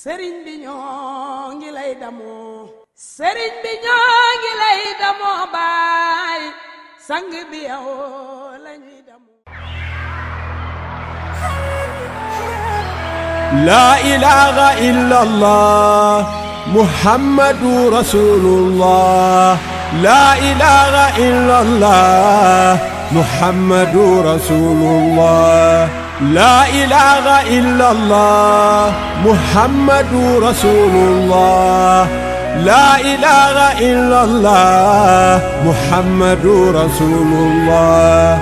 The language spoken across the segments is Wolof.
sëriñ bi ñoo ngi lay damoo bi ñoo ngi lay damoo sang bi yow lañuy damoo laa ilaaha illallah muhammadu rasulullah laa ilaaha illallah محمد رسول الله لا إله إلا الله محمد رسول الله لا إله إلا الله محمد رسول الله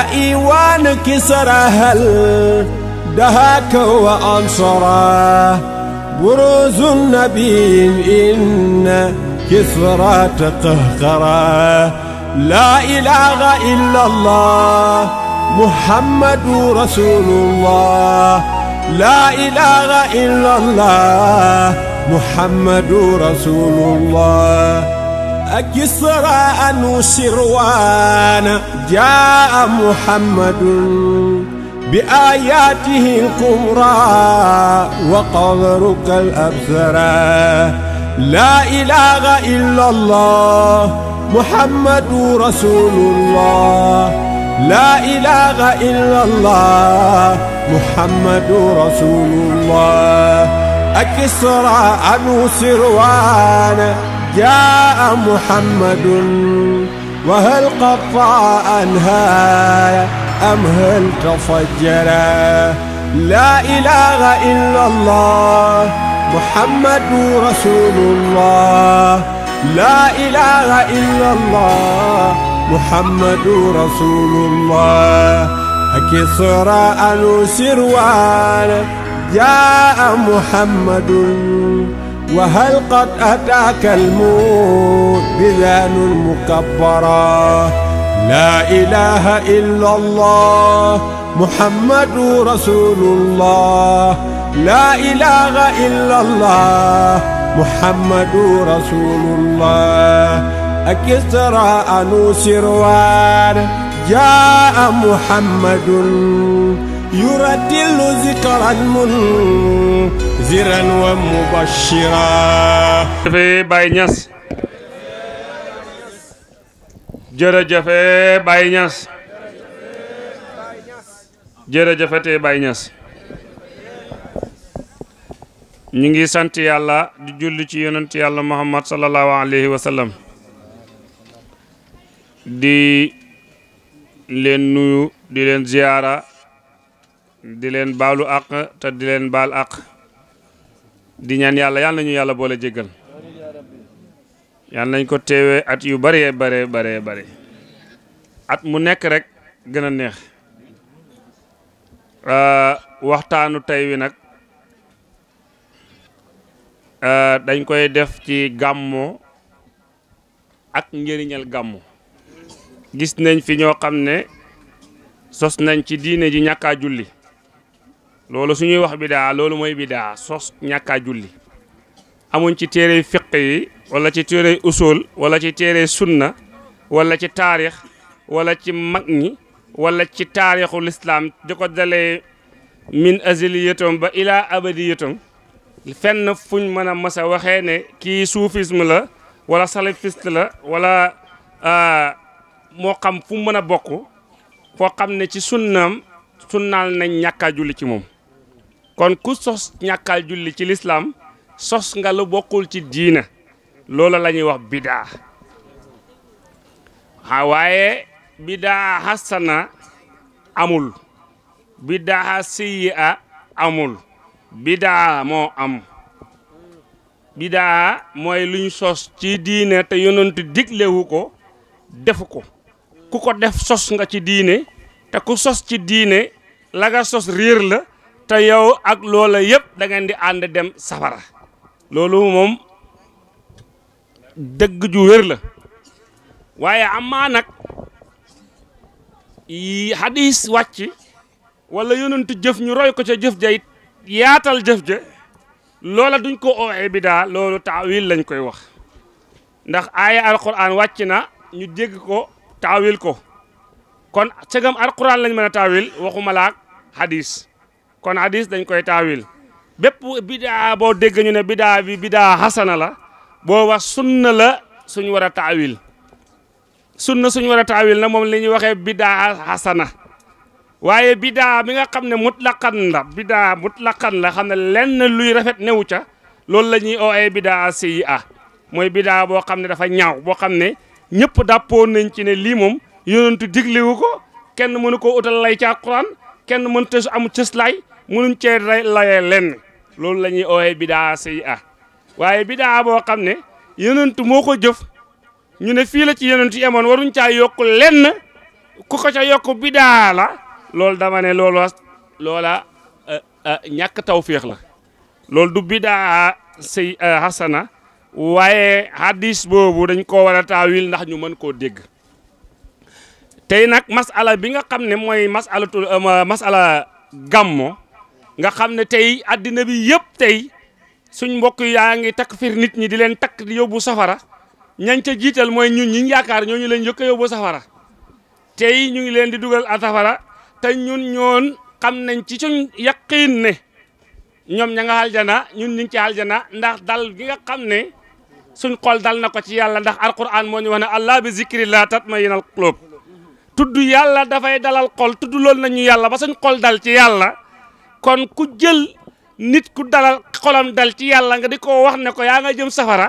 أإيوان كسرى هل دهاك وأنصره بروز النبي إن كسرى تقهقره laa ilaaha illallah muhammadu rasulullah laa ilaaha illallah muhammadu rasulullah ak kisraa nu sirwaana jaa muhammadun bi aayaatihi alkubraa wa qadruka alabsaraa laa ilaaha illallah محمد رسول الله لا إله إلا الله محمد رسول الله أكسرى أنو سروان جاء محمد وهل قطع أنهايا أم هل تفجرا لا إله إلا الله محمد رسول الله laa ilaaha illallah muhammadu rasulullah akisra anu sirwaan jaa muhammadun وهل قد أتاك الموت بذان مكبرة لا إله إلا الله محمد رسول الله لا إله إلا الله محمد رسول الله أكسرى أنو سروان جاء محمد يرتل ذكرا منذرا ومبشرا في باينس jërëjëfe Baye Niass jërëjëfete Baye Niass ñu ngi sant yàlla di julli ci yonent yàlla muhammad sallallahu alayhi wa sallam di leen nuyu di leen ziyaara di leen baalu àq te di leen baal àq di ñaan yàlla yàlla yàlla boole jéggal yàlla nañ ko teewee at yu bare bare bare bare at mu nekk rek gën a neex waxtaanu tey wi nag Euh, dañ koy def ci gàmmo ak njëriñal gàmmu gis nañ fi ñoo xam ne sos nañ ci diine ji ñàkkaa julli loolu suñuy wax bidaa loolu mooy bidaa sos ñàkkaa julli amuñ ci téere fiq walla ci téere usul walla ci téere sunna wala ci taarix wala ci mag ñi wala ci taarixu lislaam di ko dalee min aziliyatom ba ilaa abadiyatom fenn fuñ mën a mas a waxee ne kii suufism la wala salafiste la walla euh, moo xam fu mën a bokk foo xam ne ci sunnaam sunnaal nañ ñàkkaa julli ci moom kon ku sos ñàkkaal ci lislaam sos nga lu bokkul ci diina loola lañuy wax bidaa a waaye bidaa amul bidaa siyi a amul bidaa moo am bidaa mooy luñ sos ci diine te yonentu diglewu ko defu ko ku ko def sos nga ci diine te ku sos ci diine laga sos réer la te yow ak loola yépp da ngeen di ànd dem safara loolu moom dëgg ju wér la waaye amaa nag yi hadis wàcc wala yonentu jëf ñu roy ko ca jëf jayit yaatal jëf ja loola duñ ko oowee bidaa loolu taawil lañ koy wax ndax aaya alquran wàcc na ñu dégg ko taawil ko kon segam alquran lañ mën a taawil waxuma laak hadis kon hadis dañ koy taawil bépp bidaa boo dégg ñu ne bidaa bi bidaa xasana la boo wax sunna la suñ war a taawil sunna suñ war a taawil na moom li ñuy waxee bidaa xasana waaye bidaa bi nga xam ne mutlaqan la bidaa mutlaqan la xam ne lenn luy rafet newu ca loolu la ñuy ooyee bidaa si ah mooy bidaa boo xam ne dafa ñaaw boo xam ne ñëpp dàppoo nañ ci ne lii moom yonentu diglewu ko kenn mënu ko utal lay ci kenn mënu te su amu cëslaay mënuñ cee layee lenn loolu la ñuy ooyee bidaa si ah waaye bidaa boo xam ne yonentu moo ko jëf ñu ne fii la ci yonentu yemoon waruñ caa yokk lenn ku ko ca yokk bidaa la loolu dama ne loola eh, eh, ñàkk tawféex la loolu du bidaa sey eh, hasana waaye hadis boobu dañ ko war a taawil ndax ñu mën koo dégg tey nag masala bi nga xam ne mooy masalatul masala gàmmo nga xam ne tey addina bi yëpp tey suñ mbokk yaa ngi takfir nit ñi di leen takk di yóbbu safara ñañ ca jiital mooy ñun ñi yaakaar ñooñu leen yëkk a yóbbu safara tey ñu leen di dugal a safara te ñun ñoon xam nañ ci suñ yaqiin ne ñoom ña nga aljana ñun ñu ci aljana ndax dal gi nga xam ne suñ xol dal na ko ci yàlla ndax alquran moo ñu wax ne allah bi zikrillah tatma'innul qulub tuddu yàlla dafay dalal tuddu lool na ñu yàlla ba suñ xol dal ci yàlla kon ku jël nit ku dalal xolam dal ci yàlla nga di ko wax ne ko yaa nga jëm safara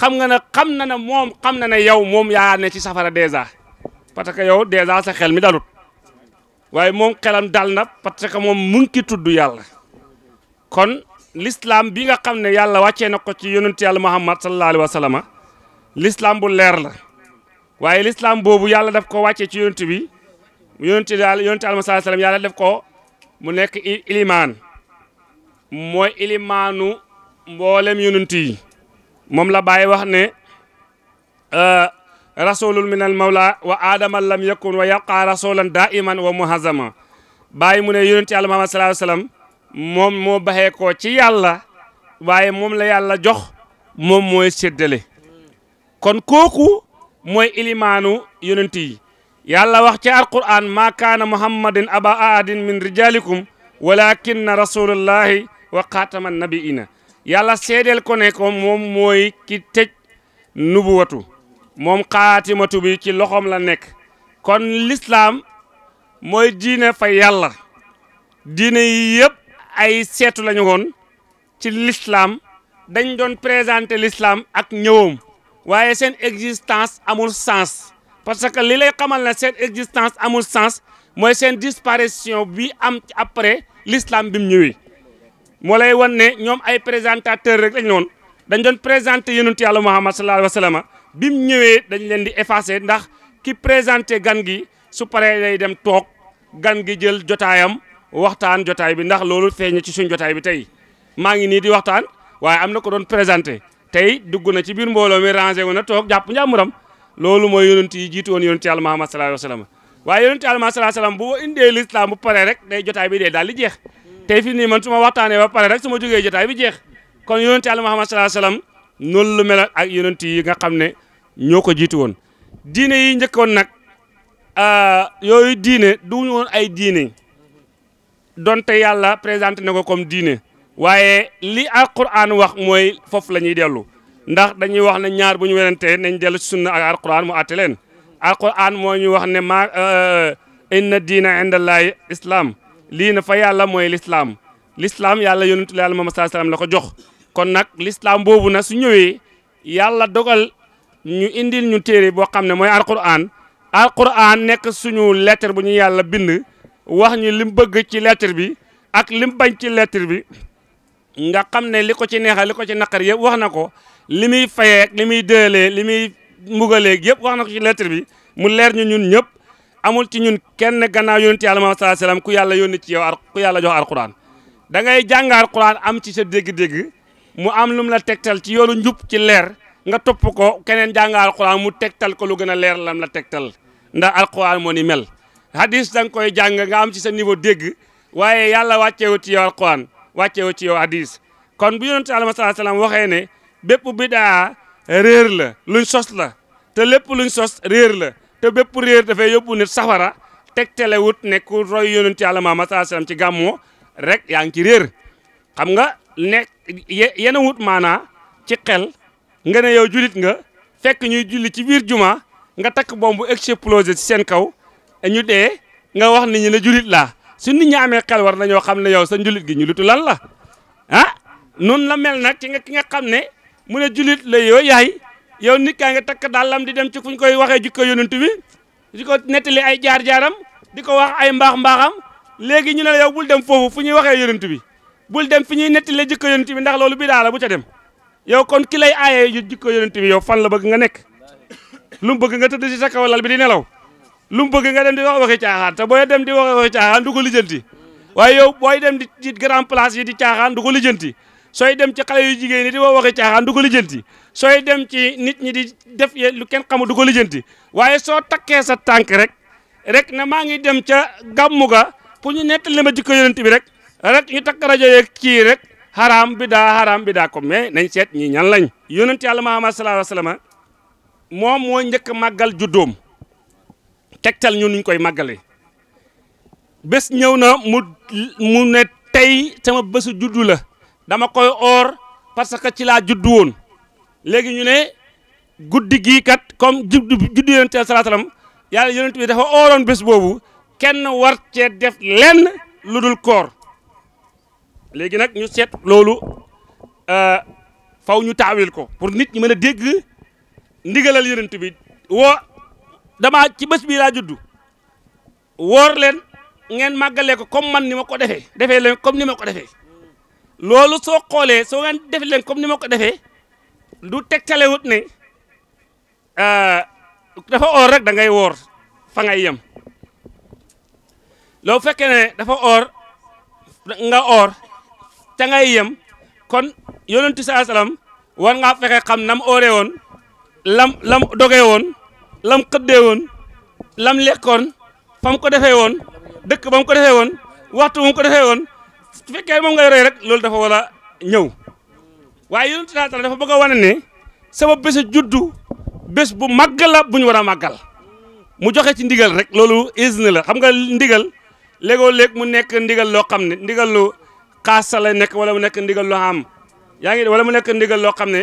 xam nga ne xam na ne moom xam na ne yow moom yaa ne ci safara déjà parce que yow déjà sa xel mi dalut waaye moom kelam dal na parce que moom mu ngi tudd yàlla kon l'islam bi nga xam ne yàlla wàccee na ko ci yonent yàlla muhammad sallallahu alayhi l'islam bu leer la waaye l'islam boobu yàlla def ko wàccee ci yonent bi yonent yàlla yonent yàlla sallallahu def ko mu nekk ilimaan mooy ilimaanu mboolem yonent yi moom la bàyyi wax euh, rasulun min mawla wa aadama lam wa yabqa rasulan daiman wa muhazama bàyyi mu ne yonent yàlla Muhammad sallallahu alayhi moom moo baxee ko ci yàlla waaye moom la yàlla jox moom mooy séddale kon kooku mooy ilimaanu yonent yi yàlla wax ci alquran maa kaana muhammadin aba ahadin min rijalikum walakinna rasulullahi wa xaatama nabiina yàlla seedeel ko ko moom mooy ki tëj nubuwatu moom xaatimatu bi ci loxoom la nekk kon lislaam mooy diine fa yàlla diine yi yëpp ay seetu lañu woon ci lislaam dañ doon présenter lislaam ak ñëwam waaye seen existence amul sens parce que li lay xamal na seen existence amul sens mooy seen disparition bi am après l'islam bi mu ñëwee moo lay wan ne ñoom ay présentateur rek lañu woon dañ doon présenter yonent yàlla Muhammad sallallahu alayhi wa bi mu ñëwee dañ leen di effacer ndax ki présenté gan gi su pare day dem toog gan gi jël jotaayam waxtaan jotaay bi ndax loolu feeñ ci suñ jotaay bi tey maa ngi nii di waxtaan waaye am na ko doon présenté tey dugg na ci biir mbooloo mi rangé wu na toog jàpp njàmmuram loolu mooy yonent yi jiitu woon yonent yàlla Muhammad sallallahu alayhi wa sallam waaye yonent yàlla Muhammad sallallahu alayhi wa sallam bu indee lislaam bu rek day jotaay bi dee daal di jeex tey fii nii man su ma waxtaanee ba pare rek su ma jogee jotaay bi jeex kon yonent yàlla Muhammad sallallahu alayhi wa sallam noonu lu mel ak yonent yi nga xam ne ñoo ko jiitu woon diine yi njëkkoon nag yooyu diine du ñu woon ay diine donte yàlla présenté na ko comme diine waaye li alquran wax mooy foofu la ñuy dellu ndax dañuy wax ne ñaar bu ñu werantee nañ dellu ci sunna ak alquran mu àtte leen alquran moo ñu wax ne maa inna diina indallaahi islaam lii na fa yàlla mooy lislaam lislaam yàlla yonentu la yàlla moom saa salaam la ko jox kon nag lislaam boobu nag su ñëwee yàlla dogal ñu indi ñu téere boo xam ne mooy alquran alquran nekk suñu lettre bu ñu yàlla bind wax ñu lim bëgg ci lettre bi ak lim bañ ci lettre bi nga xam ne li ko ci neexal li ko ci naqar yëpp wax na ko li muy fayeek li muy dëelee li muy mbugaleeg yëpp wax na ko ci lettre bi mu leer ñu ñun ñëpp amul ci ñun kenn gannaaw yonent yàlla Muhammad sallallahu alayhi wasallam ku yàlla yónni ci yow ku yàlla jox alquran da ngay jàng alquran am ci sa dégg-dégg mu am lu mu la tegtal ci yoonu njub ci leer nga topp ko keneen jàng alquran mu tegtal ko lu gën a leer lam la tegtal ndax alquran moo ni mel hadis da nga koy jàng nga am ci sa niveau dégg waaye yàlla wàcceewu ci yow alquran wàcceewu ci yow hadis kon bu yonente alama saa salaam waxee ne bépp bidaa réer la luñ sos la te lépp luñ sos réer la te bépp réer dafay yóbbu nit safara tegtale wut ne ku roy yonente yàlla maama saa salaam ci gàmmoo rek yaa ngi ci réer xam nga ne yena wut maanaa ci xel nga ne yow julit nga fekk ñuy julli ci biir juma nga takk bombu explosé ci seen kaw ñu dee nga wax ni ñi ne julit laa su nit ñi amee xel war na ñoo xam ne yow sa njulit gi ñu lutu lan la ah noonu la mel nag ki nga ki nga xam ne mu ne julit la yoo yaay yow nit kaa nga takk dàllam di dem ci fu ñu koy waxee jikko yonent bi di ko nettali ay jaar-jaaram di ko wax ay mbaax-mbaaxam léegi ñu ne la yow bul dem foofu fu ñuy waxee yonent bi bul dem fi ñuy nettali jikko yonent bi ndax loolu bi daa bu ca dem yow kon ki lay aaye yu jikko yonent bi yow fan la bëgg nekk lu mu bëgg nga tëdd si sa kaw bi di nelaw lu mu bëgg nga dem di wax waxi caaxaan te booy dem di wax waxi caaxaan du ko lijjanti waaye yow booy dem di ci grand place yi di caaxaan du ko lijjanti sooy dem ci xale yu jigéen yi di wax waxi caaxaan du ko lijjanti sooy dem ci nit ñi di def lu kenn xamul du ko lijjanti waaye soo takkee sa tànk rek rek na maa ngi dem ca gàmmu ga pour ñu nettali ma jikko yonent bi rek rek ñu takk rajo yeeg kii rek xaraam bidaa xaraam bidaa ko mais nañ ceet ñi ñan lañ yonent yàlla Muhammad sallallahu alayhi wasallam moom moo njëkk a màggal juddoom tegtal ñu nuñ koy màggale bés ñëw na mu mu ne tey sama bésu juddu la dama koy oor parce que ci laa juddu woon léegi ñu ne guddi gii kat comme juddu juddu yonent yàlla sallallahu alayhi wasallam yàlla yonent bi dafa ooroon bés boobu kenn war cee def lenn lu dul koor léegi nag ñu seet loolu euh, faw ñu taawil ko pour nit ñi mën a dégg ndigalal yonent bi woo dama ci bés bii laa juddu woor leen ngeen màggalee ko comme man ni ma ko defee defee leen comme ni ma ko defee loolu soo xoolee soo ngeen def leen comme ni ma ko defee du tegtalewut ne euh, dafa oor rek da ngay woor fa ngay yem loo fekkee ne dafa oor nga oor ca ngay yem kon yonentu saa salaam war ngaa fexe xam nam oore woon lam lam doge woon lam xëddee woon lam lekkoon fa ko defee woon dëkk ba ko defee woon waxtu mu ko defee woon su fekkee moom nga yoree rek loolu dafa war a ñëw waaye yonentu saa salaam dafa bëgg a ne sama bésa juddu bés bu màggal la bu ñu war a màggal mu joxe ci ndigal rek loolu izn la xam nga ndigal léegoo léeg mu nekk ndigal loo xam ne ndigal lu xaasa lay nekk wala mu nekk ndigal loo am yaa ngi wala mu nekk ndigal loo xam ne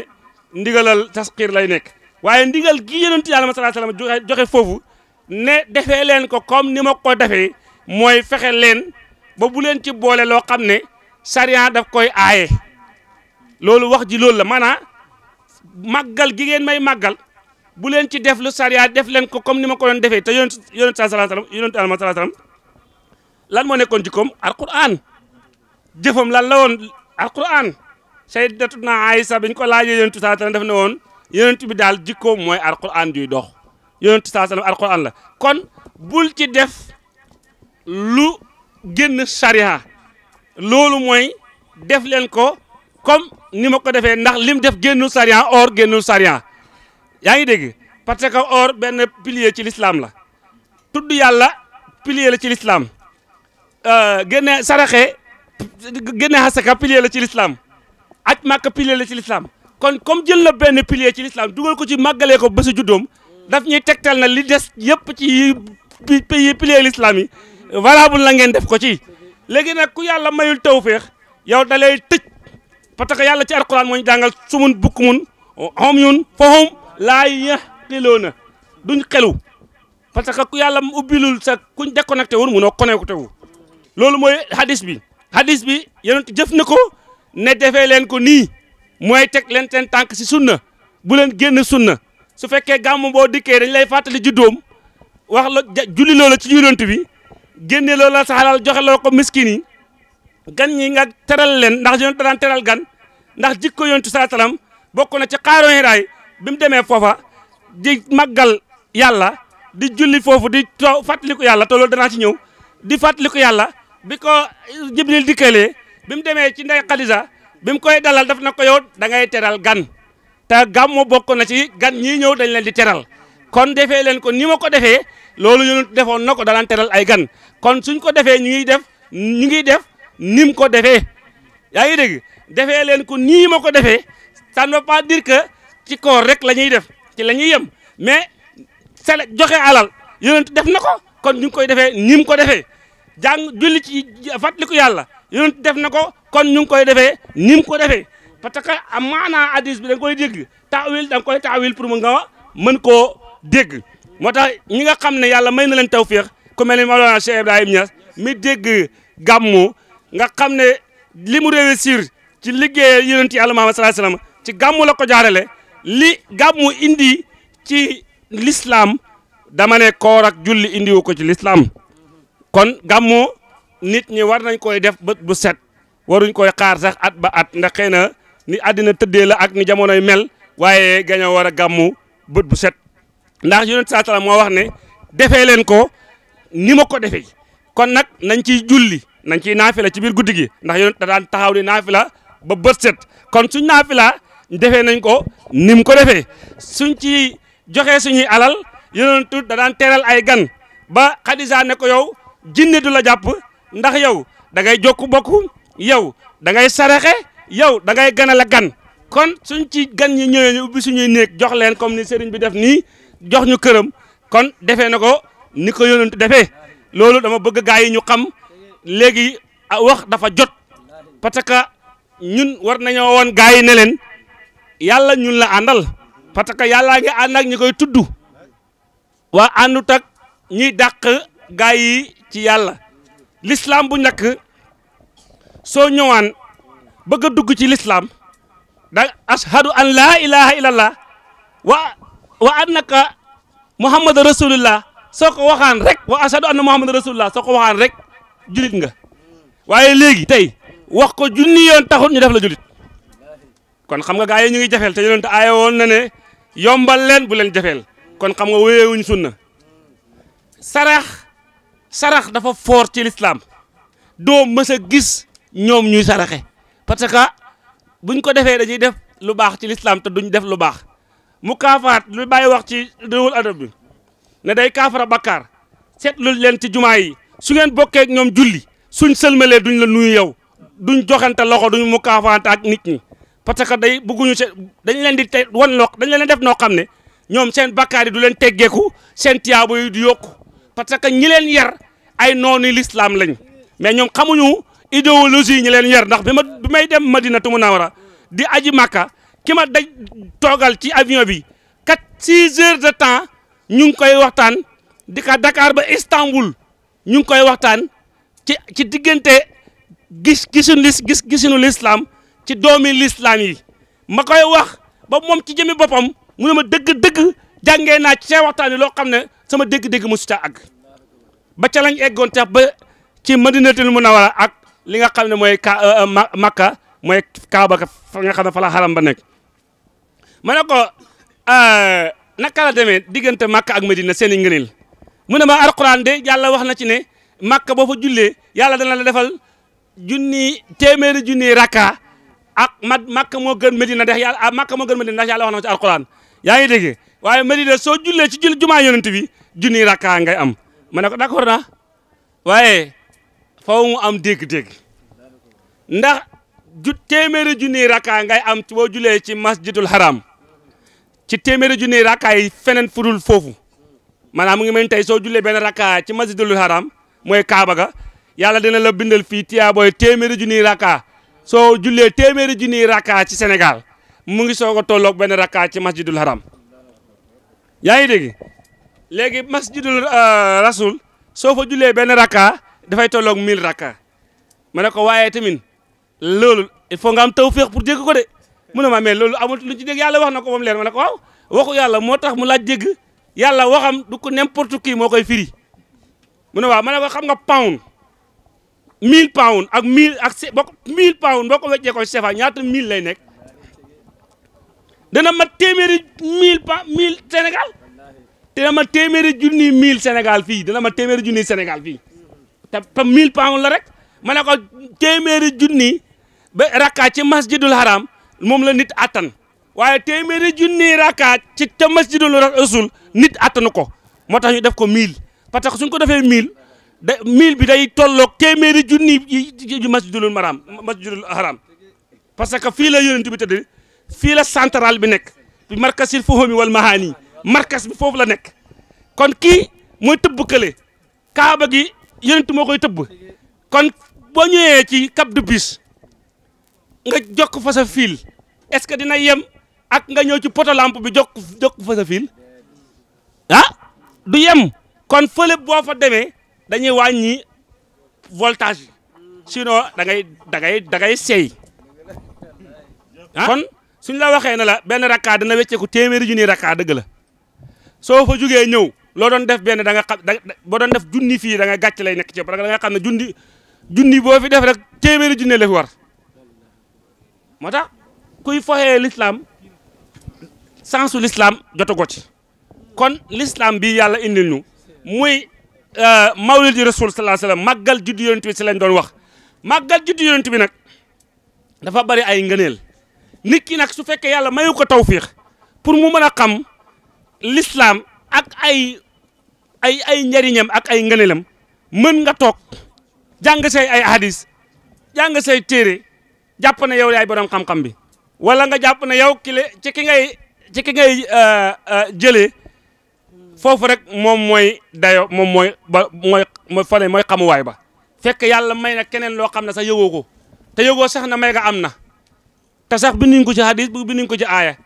ndigalal tasxiir lay nekk waaye ndigal gi yonent yàlla ma salaa salaam joxe joxe foofu ne defee leen ko comme ni ma ko defee mooy fexe leen ba bu leen ci boole loo xam ne sariya daf koy aaye loolu wax ji loolu la maanaam màggal gi ngeen may màggal bu leen ci def lu sariya def leen ko comme ni ma ko doon defee te yonent yonent salaa salaam lan moo nekkoon ci jikkoom alquran jëfam lan la woon alquran sayyidatuna Aïsa bi ñu ko laajee yonentu saa sallam def na woon yonentu bi daal jikkoom mooy alquran juy dox yonentu saa sallam alquran la kon bul ci def lu génn sariya loolu mooy def leen ko comme ni ma ko defee ndax lim def génnul sariya or génnul sariya yaa ngi dégg parce que or benn pilier ci l'islam la tudd yàlla pilier la ci l'islam euh, génne saraxe génne asaka pilier la ci lislaam aj màkka pilier la ci lislaam kon comme jël na benn pilier ci lislaam dugal ko ci màggalee ko bésu juddoom daf ñuy tegtal na li des yëpp ci pays pilier lislaam yi valable la ngeen def ko ci léegi nag ku yàlla mayul tawféex yow da lay tëj parce que yàlla ci alquran moo ñu jàngal sumun bukk mun xom ñun fahum laa yaqiluuna duñ xelu parce que ku yàlla ubbilul sa kuñ déconnecté woon munoo connecté wu loolu mooy hadis bi hadis bi yonent jëf na ko ne defee leen ko nii mooy teg leen seen tànk si sunna bu leen génn sunna su fekkee gàmm boo dikkee dañ lay fàttali juddoom wax la julli loola ci yonent bi génne loola sa xalal joxe loo ko miskin yi gan ñi nga teral leen ndax yonent daan teral gan ndax jikko yonent saa salaam bokk na ci xaaroo raay bi mu demee foofa di màggal yàlla di julli foofu di fàttaliku yàlla te loolu danaa ci ñëw di fàttaliku yàlla bi ko Jibril dikkalee bi mu demee ci ndey Xadija bi mu koy dalal def na ko yow da ngay teral gan ta gàmmu bokk na ci gan ñii ñëw dañ leen di teral kon defee leen ko ni ma ko defee loolu yonent defoon na ko dalaan teral ay gan kon suñ ko defee ñu ngi def ñu ngi def ni ko defee yaa ngi dégg defee leen ko nii ma ko defee ça ne veut que ci koor rek la ñuy def ci la ñuy yem mais sele joxe alal yonent def na ko kon ñu koy defee ni mu ko defee jàng julli ci fàttaliku yàlla yonent def na ko kon ñu ngi koy defee ni mu ko defee parce que am maanaa hadis bi da koy dégg taawil da nga koy taawil pour mu nga mën koo dégg moo tax ñi nga xam ne yàlla may na leen tawféex ku mel ni Mawlana Cheikh Ibrahim Niass mi dégg gàmmu nga xam ne li mu réussir ci liggéey yonent yàlla Muhammad sallallahu alayhi wasallam ci gàmmu la ko jaarale li gàmmu indi ci l'islam dama ne koor julli indiwu ko ci l'islam kon gàmmu nit ñi war nañ koy def bët bu set waruñ koy xaar sax at ba at ndax xëy na ni àddina tëddee la ak ni jamonoy mel waaye gaño war a gàmmu bët bu set ndax yonent saa moo wax ne defee leen ko ni ma ko defee kon nag nañ ciy julli nañ ciy naafila ci biir guddi gi ndax yonent da daan taxaw ni naafila ba bët set kon suñ naafila defee nañ ko nim ko defee suñ ci joxe suñuy alal yonent da daan teeral ay gan ba Xadija ne ko yow jinne du la jàpp ndax yow da ngay jokk bokk yow da ngay saraxe yow da ngay ganale gan kon suñ ci gan ñi ñëwee ñu ubbi suñuy néeg jox leen comme ni seriñ bi def nii jox ñu këram kon defee na ko ni ko yonent defee loolu dama bëgg gaa yi ñu xam léegi ah, wax dafa jot parce que ñun war nañoo woon gaa yi ne leen yàlla ñun la àndal parce que yàllaa ngi ànd ak ñi koy tudd waa àndut ak ñiy yi ci yàlla lislaam bu njëkk soo ñëwaan bëgg a dugg ci lislaam da ashadu an laa ilaha illallah wa wa annaka muhammad rasulullah soo ko waxaan rek wa ashadu an muhammad rasulullah soo ko waxaan rek julit nga waaye léegi tey wax ko junni yoon taxul ñu def la julit kon xam nga gaa yi ñu ngi jafeel te yonent aaye woon na ne yombal leen bu leen jafeel kon xam nga wéyewuñ sunna sarax sarax dafa foor ci lislaam doo mës gis ñoom ñuy saraxe parce que buñ ko defee dañuy def lu baax ci lislaam te duñ def lu baax mu kaafaat lu bàyyi wax ci réewul adab bi ne day kaafara bakkaar seetlul leen ci jumaa yi su ngeen bokkee ñoom julli suñ sëlmalee duñ la nuyu yow duñ joxante loxo duñ mu kaafaante ak nit ñi parce que day bëgguñu se dañ leen di te wan loo dañ leen def noo xam ne ñoom seen bakkaar yi du leen teggeeku seen tiyaabo yi du yokku parce que ñi leen yar ay noonu lislaam lañ mais ñoom xamuñu idéologie ñi leen yar ndax bi ma bi may dem madina Madinatu Munawara di aji Makka ki ma daj toogal ci avion bi quatre six heures de temps ñu ngi koy waxtaan di ka Dakar ba Istanbul ñu ngi koy waxtaan ci ci diggante gis gisuñu lis gis gisuñu lislaam ci doomi lislaam yi ma koy wax ba moom ci jëmi boppam mu ne ma dëgg-dëgg jàngee naa ci seen waxtaan yi loo xam ne sama dégg-dégg mu si ta àgg ba ca lañ eggoon tax ba ci madinatul munawara ak li nga xam ne mooy ka euh, euh, makka mooy kaaba ka fa nga xam ne fa ba nekk ma ne ko euh, naka la demee diggante makka ak medina seen i mu ne ma alquran de yàlla wax na ci ne makka boo fa jullee yàlla dana la defal junni téeméeri junni rakka ak mat makka moo gën madina ndax yàlla ah makka moo gën madina ndax yàlla wax na ci alquran yaa ngi dégg waaye madina soo jullee ci jul jumaa yonent bi junni rakka ngay am ma ne ko d'accord naa waaye faw am dégg-dégg ndax ju téeméeri junniy rakkaa ngay am boo julee ci masjidul haram ci téeméeri junniy rakkaa yi feneen fudul foofu maanaam mu ngi mel tey soo julee benn rakkaa ci masjidul haram mooy Kaaba ga yàlla dina la bindal fii tiyaabooy téeméeri junniy rakkaa soo jullee téeméeri junniy rakkaa ci senegal mu ngi soog a tolloog benn rakkaa ci masjidul haram yaa ngi dégg léegi masjidul euh, rasul soo fa jullee benn rakka dafay tolloog mill rakka ma ne ko waaye tamit loolu il faut nga am tawféex pour dégg ko de mu ne ma mais loolu amul lu ci dégg yàlla wax na ko moom leer ma ne ko waaw waxu yàlla moo tax mu laaj dégg yàlla waxam du ko n'importe qui moo koy firi mu ne waaw ma ne ko xam nga pound 1000 pound ak 1000 ak se boo ko 1000 pound boo ko ñaata 1000 lay nekk dana ma téeméeri 1000 pa 1000 Sénégal. dina ma téeméeri junni mille Sénégal fii dina ma téeméeri junni Sénégal fii te pa mille pound la rek ma ne ko téeméeri junni ba rakkaat ci masjidul haram moom la nit attan waaye téeméeri junni rakkaat ci ca masjidul rasul nit attanu ko moo tax ñu def ko mille parce que suñ ko defee mille da mille bi day tolloog téeméeri junni yi masjidul maram masjidul haram parce que fii la yonent bi tëdd fii la central bi nekk bi markasil fuhumi wal ma mahaani markas bi foofu la nekk kon kii mooy tëbb kële kaaba gi yonent moo koy tëbb kon boo ñëwee ci cap de bus nga jokk fa fiil fil est-ce que dina yem ak nga ñëw ci poto làmp bi jokk jokk fa sa ah, du yem kon fële boo fa demee dañuy wàññi voltage yi sinon da ngay da ngay da ngay seey ah? kon suñ la waxee ne la benn rakkaa dana wecceeku téeméeri junni rakkaa dëgg la soo fa jugee ñëw loo doon def benn da nga xam da doon def junni fii da nga lay nekk ci yow parce que ne junni junni boo fi def rek téeméeri junne la fi war moo tax kuy foxee l'islam sensu l'islam jotagoo ci kon l'islam bi yàlla indil ñu muy euh, mawlid yi rasul sallallahu alayhi wasallam màggal juddu yonent bi lañ doon wax màggal juddu yonent bi nag dafa bari ay ngëneel nit ki nag su fekkee yàlla mayu ko tawfiix pour mu mën a xam lislaam ak ay ay ay njariñam ak ay ngëneelam mën nga toog jàng say ay hadis jàng say téere jàpp ne yow yaay borom xam-xam bi wala nga jàpp ne yow kile ci ki ngay ci ki ngay euh, euh, jëlee foofu rek moom mooy dayo moom mooy ba mooy mooy fale mooy xamuwaay ba fekk yàlla may na keneen loo xam ne sax yëgoo ko te yëgoo sax na may nga am na te sax binduñ ko ci hadis binduñ ko ci aaya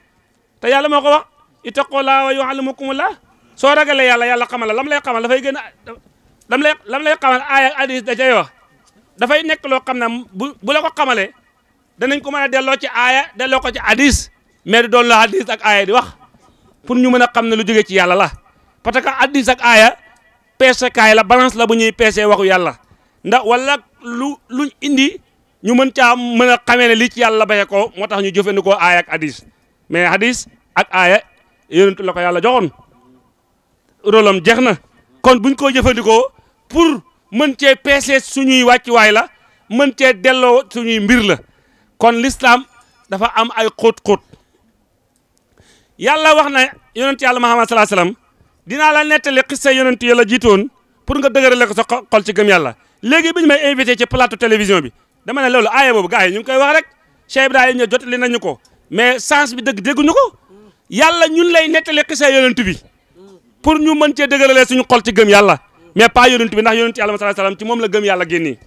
te yàlla moo ko wax ittaqullah wa yuallimukumullah soo ragalee yàlla yàlla xamal la lam lay xamal dafay gën a lam lay lam lay xamal aaya ak hadis da cay wax dafay nekk loo xam ne bu bu la ko xamalee danañ ko mën a delloo ci aaya delloo ko ci hadis mais du doon la hadis ak aaya di wax pour ñu mën a xam ne lu jógee ci yàlla la parce que hadis ak aaya peesekaay la balance la bu ñuy peesee waxu yàlla ndax wala lu luñ indi ñu mën caa mën a xamee ne lii ci yàlla baye ko moo tax ñu jëfandikoo aaya ak hadis mais hadis ak aaya yonentu la ko yàlla joxoon rolam jeex na kon buñ ko jëfandikoo pour mën cee peesee suñuy wàccuwaay la mën cee delloo suñuy mbir la kon lislam dafa am ay xóot-xóot yàlla wax na yonent yàlla Muhammad salaa salaam dinaa la nettali xissa yonent yàlla jiitoon pour nga dëgërale ko sa xol ci gëm yàlla léegi bi ñu may invité ci plateau télévision bi dama ne loolu aaya boobu gars yi ñu ngi koy wax rek Cheikh jot jotali nañu ko mais sens bi dëgg dégguñu ko yàlla ñun lay nettali xisa yonent bi pour ñu mën cee dëgëralee suñu xol ci gëm yàlla mais pas yonent bi ndax yonent yàlla sallallahu alayhi wasallam ci moom la gëm yàlla génnee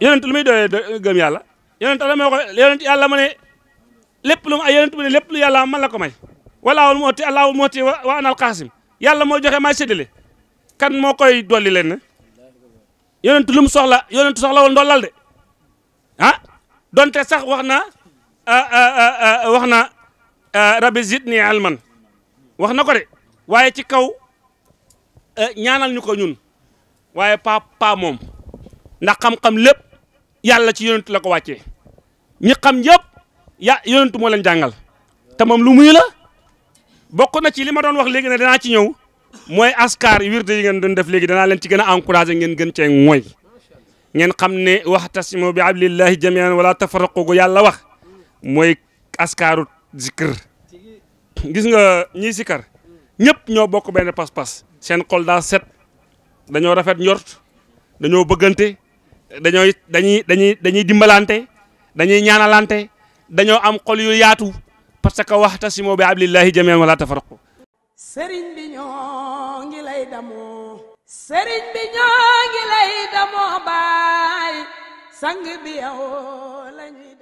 yonent lu muy doyee gëm yàlla yonent la may ko yonent yàlla ma ne lépp lu mu ay yonent bi ne lépp lu yàlla man la ko may walaawul mooti allaahul mooti wa anal xaasim yàlla moo joxe maay séddale kan moo koy dolli leen na yonent lu mu soxla yonent soxlawul ndollal de ah donte sax wax na ah, ah, ah, wax na Euh, rabbi zidni alman wax na ko de waaye ci kaw euh, ñaanal ñu ko ñun waaye pa moom ndax xam-xam lépp yàlla ci yonent la ko wàccee ñi xam yëpp ya yonent moo leen jàngal te moom lu muy la bokk na ci li ma doon wax léegi ne danaa ci ñëw mooy askar wirde yi ngeen doon def léegi danaa leen ci gën a encouragé ngeen gën cee mooy ngeen xam ne waxtasimu bi hablillahi jamian walaa tafarraqu gu yàlla wax mooy askaaru zikr gis nga ñiy sikar ñëpp ñoo bokk benn pas-pas seen xol daa set dañoo rafet njort dañoo bëggante dañooy dañuy dañuy dañuy dimbalante dañuy ñaanalante dañoo am xol yu yaatu parce que waxtasimu bi hablillahi jamii'an wala tafarraqu sëriñ bi ñoo ngi lay